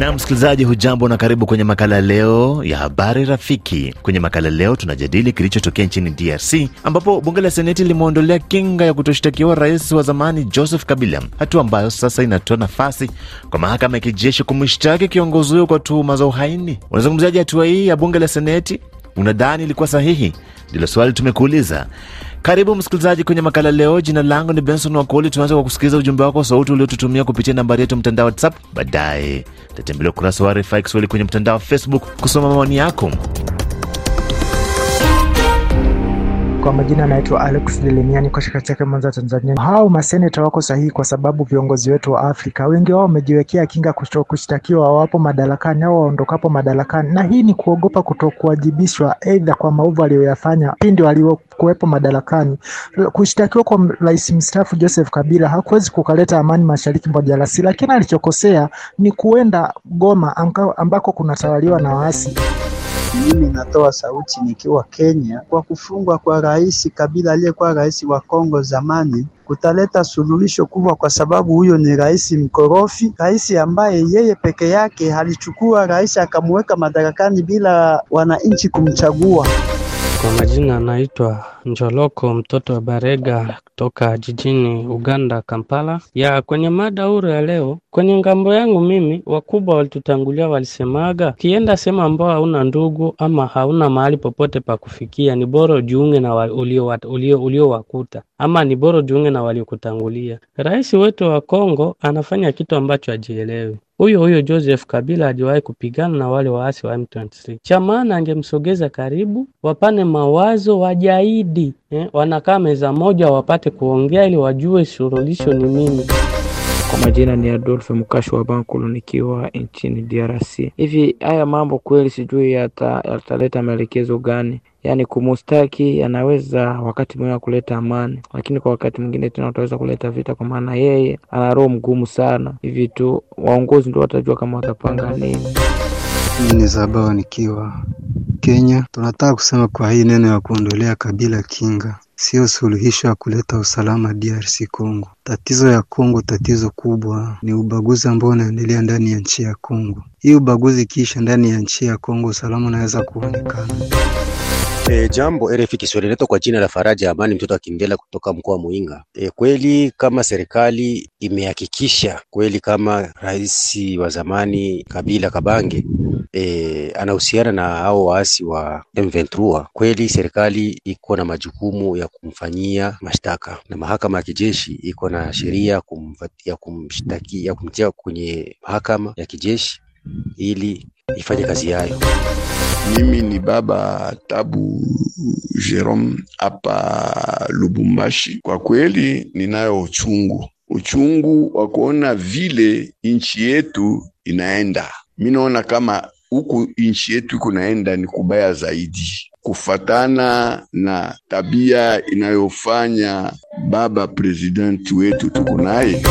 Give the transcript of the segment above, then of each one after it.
Na msikilizaji, hujambo na karibu kwenye makala leo ya habari rafiki. Kwenye makala leo tunajadili kilichotokea nchini DRC ambapo bunge la seneti limeondolea kinga ya kutoshtakiwa rais wa zamani Joseph Kabila, hatua ambayo sasa inatoa nafasi kwa mahakama ya kijeshi kumshtaki kiongozi huyo kwa tuhuma za uhaini. Unazungumziaje hatua hii ya bunge la seneti? Unadhani ilikuwa sahihi? Ndilo swali tumekuuliza. Karibu msikilizaji kwenye makala leo. Jina langu ni Benson Wakoli. Tunaanza kwa kusikiliza ujumbe wako sauti uliotutumia kupitia nambari yetu mtandao WhatsApp. Baadaye tatembelea ukurasa wa RFI Kiswahili kwenye mtandao wa Facebook kusoma maoni yako. Kwa majina anaitwa Alex Lelemiani kwa shirika chake Mwanza, Tanzania. Hao maseneta wako sahihi, kwa sababu viongozi wetu wa Afrika wengi wao wamejiwekea kinga kushtakiwa wawapo madarakani au waondokapo madarakani, na hii ni kuogopa kutokuwajibishwa, aidha kwa maovu aliyoyafanya pindi waliokuwepo madarakani. Kushtakiwa kwa rais mstafu Joseph Kabila hakuwezi kukaleta amani mashariki mwa DRC, lakini alichokosea ni kuenda Goma ambako kunatawaliwa na waasi. Mimi natoa sauti nikiwa Kenya kwa kufungwa kwa rais Kabila aliyekuwa rais wa Kongo zamani kutaleta suluhisho kubwa, kwa sababu huyo ni rais mkorofi, rais ambaye yeye peke yake alichukua rais akamweka madarakani bila wananchi kumchagua. Kwa majina anaitwa Njoloko mtoto wa Barega kutoka jijini Uganda, Kampala. Ya kwenye mada huru ya leo, kwenye ngambo yangu mimi, wakubwa walitutangulia walisemaga, ukienda sehemu ambao hauna ndugu ama hauna mahali popote pa kufikia, ni bora ujiunge na uliowakuta ulio, ulio ama ni bora ujiunge na waliokutangulia. Rais wetu wa Kongo anafanya kitu ambacho hajielewi. Huyo huyo Joseph Kabila aliwahi kupigana na wale waasi wa M23. chamana angemsogeza karibu, wapane mawazo, wajaidi eh, wanakaa meza moja, wapate kuongea ili wajue suluhisho ni nini. Kwa majina ni Adolphe Mukashi wa Bankulu nikiwa nchini DRC. Hivi haya mambo kweli sijui yataleta yata maelekezo gani? Yaani kumustaki yanaweza wakati mwingine kuleta amani, lakini kwa wakati mwingine tena utaweza kuleta vita, kwa maana yeye ana roho mgumu sana. Hivi tu waongozi ndio watajua kama watapanga nini. Mimi ni Zabao nikiwa Kenya. Tunataka kusema kwa hii neno ya kuondolea Kabila kinga sio suluhisho ya kuleta usalama DRC Congo. Tatizo ya Kongo, tatizo kubwa ni ubaguzi ambao unaendelea ndani ya nchi ya Kongo. Hii ubaguzi ikiisha ndani ya nchi ya Kongo, usalama unaweza kuonekana. E, jambo RFI Kiswahili, naitwa kwa jina la Faraja Amani mtoto wa kindela kutoka mkoa wa Muinga. E, kweli kama serikali imehakikisha kweli kama rais wa zamani Kabila Kabange e, anahusiana na hao waasi wa M23, kweli serikali iko na majukumu ya kumfanyia mashtaka na mahakama ya kijeshi iko na sheria kumfatia kumshtaki ya kumtia kwenye mahakama ya kijeshi ili ifanye kazi yayo. Mimi ni baba Tabu Jerome hapa Lubumbashi. Kwa kweli ninayo uchungu, uchungu wa kuona vile nchi yetu inaenda. Mi naona kama huku nchi yetu kunaenda ni kubaya zaidi, kufatana na tabia inayofanya baba presidenti wetu tuko naye.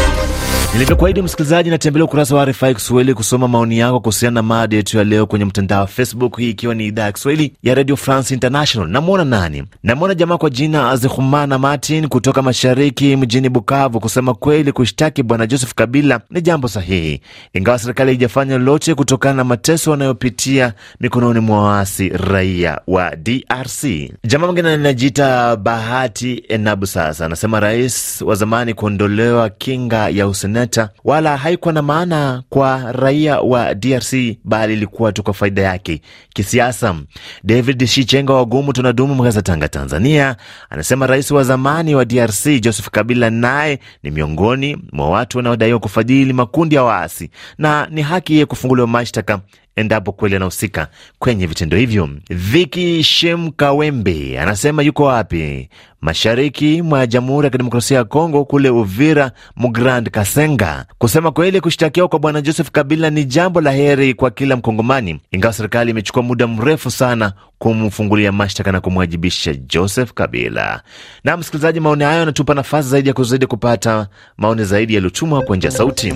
Nilivyokuahidi msikilizaji, natembelea ukurasa wa RFI Kiswahili kusoma maoni yako kuhusiana na mada yetu ya leo kwenye mtandao wa Facebook, hii ikiwa ni idhaa ya Kiswahili ya Radio France International. Namwona nani? Namwona jamaa kwa jina Azihumana Martin kutoka mashariki mjini Bukavu. Kusema kweli, kushtaki Bwana Joseph Kabila ni jambo sahihi, ingawa serikali haijafanya lolote kutokana na mateso wanayopitia mikononi mwa waasi raia wa DRC. Jamaa mwingine anajiita Bahati Enabu, sasa anasema rais wa zamani kuondolewa kinga ya usene Kenyatta wala haikuwa na maana kwa raia wa DRC, bali ilikuwa tu kwa faida yake kisiasa. David Shichenga wagumu tunadumu mgaza Tanga, Tanzania, anasema rais wa zamani wa DRC Joseph Kabila naye ni miongoni mwa watu wanaodaiwa kufadhili makundi ya waasi na ni haki yeye kufunguliwa mashtaka endapo kweli anahusika kwenye vitendo hivyo. Viki Shem Kawembe anasema yuko wapi? Mashariki mwa Jamhuri ya Kidemokrasia ya Kongo, kule Uvira, Mgrand Kasenga. Kusema kweli, kushtakiwa kwa Bwana Joseph Kabila ni jambo la heri kwa kila Mkongomani, ingawa serikali imechukua muda mrefu sana kumfungulia mashtaka na kumwajibisha Joseph Kabila. Na msikilizaji, maoni hayo yanatupa nafasi zaidi ya kuzidi kupata maoni zaidi yaliyotumwa kwa njia sauti.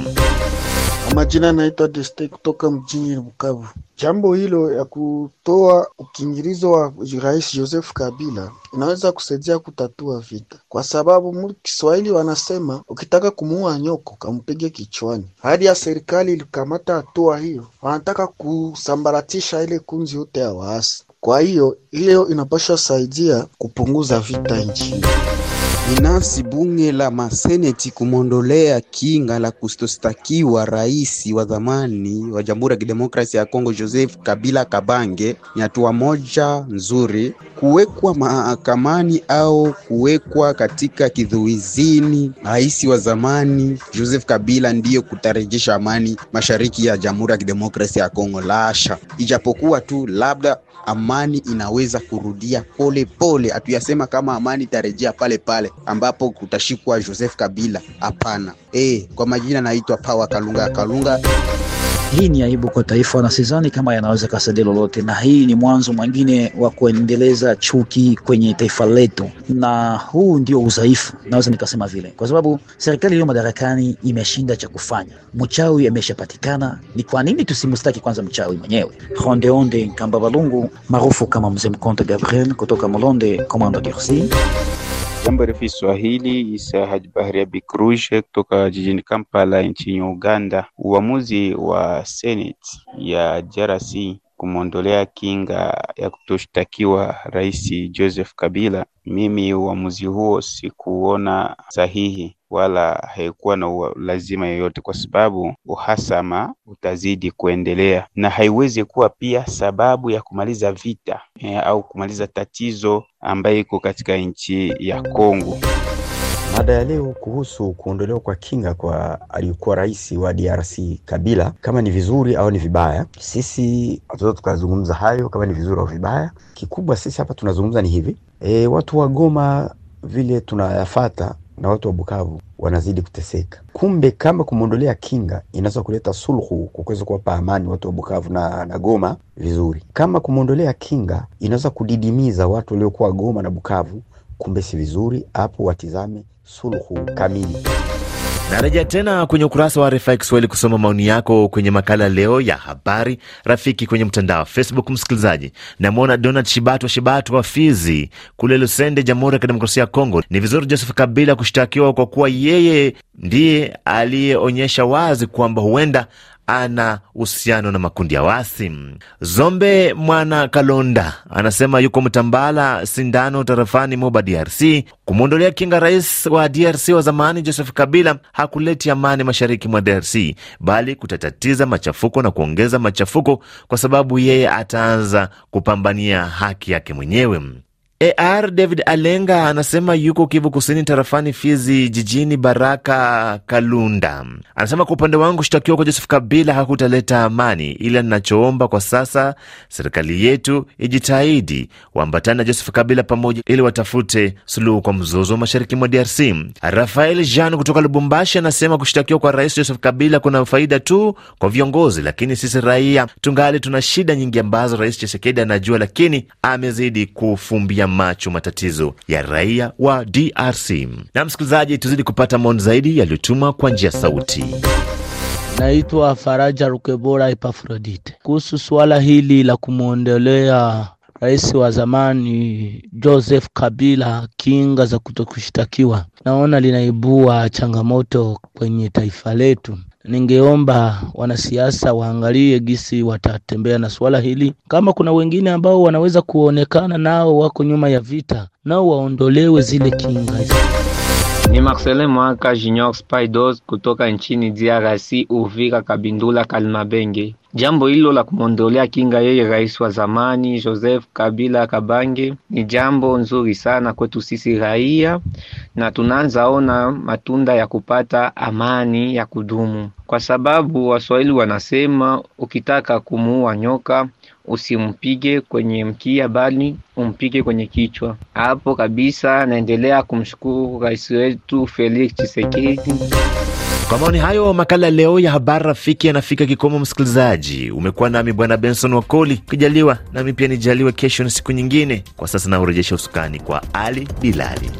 Majina naitwa Deste kutoka mjini Bukavu. Jambo hilo ya kutoa ukingirizo wa Rais Joseph Kabila inaweza kusaidia kutatua vita, kwa sababu Kiswahili wanasema ukitaka kumuua nyoko kampige kichwani. Hadi ya serikali ilikamata hatua hiyo, wanataka kusambaratisha ile kunzi yote ya waasi. Kwa hiyo hiyo inapasha saidia kupunguza vita nchini. Binafsi bunge la maseneti kumwondolea kinga la kutostakiwa rais wa zamani wa Jamhuri ya Kidemokrasia ya Kongo Joseph Kabila Kabange ni hatua moja nzuri. Kuwekwa mahakamani au kuwekwa katika kizuizini rais wa zamani Joseph Kabila ndiyo kutarejesha amani mashariki ya Jamhuri ya Kidemokrasia ya Kongo, lasha ijapokuwa tu labda amani inaweza kurudia pole pole, hatuyasema kama amani itarejea pale pale ambapo kutashikwa Joseph Kabila. Hapana, e, kwa majina naitwa Pawa Kalunga Kalunga. Hii ni aibu kwa taifa na sidhani kama yanaweza kasaidia lolote, na hii ni mwanzo mwingine wa kuendeleza chuki kwenye taifa letu, na huu ndio udhaifu, naweza nikasema vile, kwa sababu serikali iliyo madarakani imeshinda cha kufanya. Mchawi ameshapatikana, ni kwa nini tusimstaki kwanza mchawi mwenyewe? Rondeonde Nkamba Balungu, maarufu kama Mzee Mkonte Gabriel, kutoka Molonde, Commando DRC. Jambo refu Swahili Isa Haji Bahari ya kutoka jijini Kampala nchini Uganda. Uamuzi wa Senate ya DRC kumwondolea kinga ya kutoshtakiwa Rais Joseph Kabila, mimi uamuzi huo sikuona sahihi wala haikuwa na lazima yoyote, kwa sababu uhasama utazidi kuendelea na haiwezi kuwa pia sababu ya kumaliza vita eh, au kumaliza tatizo ambayo iko katika nchi ya Kongo. Mada ya leo kuhusu kuondolewa kwa kinga kwa aliyekuwa rais wa DRC Kabila, kama ni vizuri au ni vibaya. Sisi hatuweza tukazungumza hayo kama ni vizuri au vibaya. Kikubwa sisi hapa tunazungumza ni hivi e, watu wa Goma vile tunayafata na watu wa Bukavu wanazidi kuteseka. Kumbe kama kumwondolea kinga inaweza kuleta sulhu kwa kuweza kuwapa amani watu wa Bukavu na, na Goma vizuri. Kama kumwondolea kinga inaweza kudidimiza watu waliokuwa Goma na Bukavu, kumbe si vizuri hapo, watizame sulhu kamili. Narejea tena kwenye ukurasa wa RFI Kiswahili kusoma maoni yako kwenye makala leo ya habari rafiki kwenye mtandao wa Facebook. Msikilizaji, namwona Donald Shibatu wa Shibatu wa Fizi kule Lusende, Jamhuri ya Kidemokrasia ya Kongo. Ni vizuri Joseph Kabila kushtakiwa kwa kuwa yeye ndiye aliyeonyesha wazi kwamba huenda ana uhusiano na makundi ya wasi. Zombe Mwana Kalonda anasema yuko Mtambala Sindano tarafani Moba, DRC. Kumwondolea kinga rais wa DRC wa zamani Joseph Kabila hakuleti amani mashariki mwa DRC, bali kutatatiza machafuko na kuongeza machafuko, kwa sababu yeye ataanza kupambania haki yake mwenyewe. AR David Alenga anasema yuko Kivu Kusini, tarafani Fizi, jijini Baraka Kalunda. Anasema kwa upande wangu, kushtakiwa kwa Joseph Kabila hakutaleta amani, ila ninachoomba kwa sasa, serikali yetu ijitahidi waambatane na Joseph Kabila pamoja, ili watafute suluhu kwa mzozo wa mashariki mwa DRC. Rafael Jean kutoka Lubumbashi anasema kushtakiwa kwa Rais Joseph Kabila kuna faida tu kwa viongozi, lakini sisi raia tungali tuna shida nyingi ambazo Rais Chisekedi anajua, lakini amezidi kufumbia macho matatizo ya raia wa DRC. Na msikilizaji, tuzidi kupata maoni zaidi yaliyotumwa kwa njia sauti. Naitwa Faraja Rukebora Epafrodite. Kuhusu suala hili la kumwondolea rais wa zamani Joseph Kabila kinga za kutokushtakiwa, naona linaibua changamoto kwenye taifa letu, Ningeomba wanasiasa waangalie gisi watatembea na suala hili. Kama kuna wengine ambao wanaweza kuonekana nao wako nyuma ya vita, nao waondolewe zile kinga. Ni Marcelin Mwaka Junior Spidos kutoka nchini DRC, Uvira, Kabindula, Kalmabenge. Jambo hilo la kumwondolea kinga yeye rais wa zamani Joseph Kabila Kabange ni jambo nzuri sana kwetu sisi raia, na tunaanza ona matunda ya kupata amani ya kudumu, kwa sababu Waswahili wanasema ukitaka kumuua nyoka usimpige kwenye mkia, bali umpige kwenye kichwa. Hapo kabisa naendelea kumshukuru rais wetu Felix Tshisekedi. Kwa maoni hayo, makala leo ya habari rafiki yanafika kikomo. Msikilizaji, umekuwa nami Bwana Benson Wakoli, ukijaliwa nami pia nijaliwe kesho na siku nyingine. Kwa sasa naurejesha usukani kwa Ali Bilali.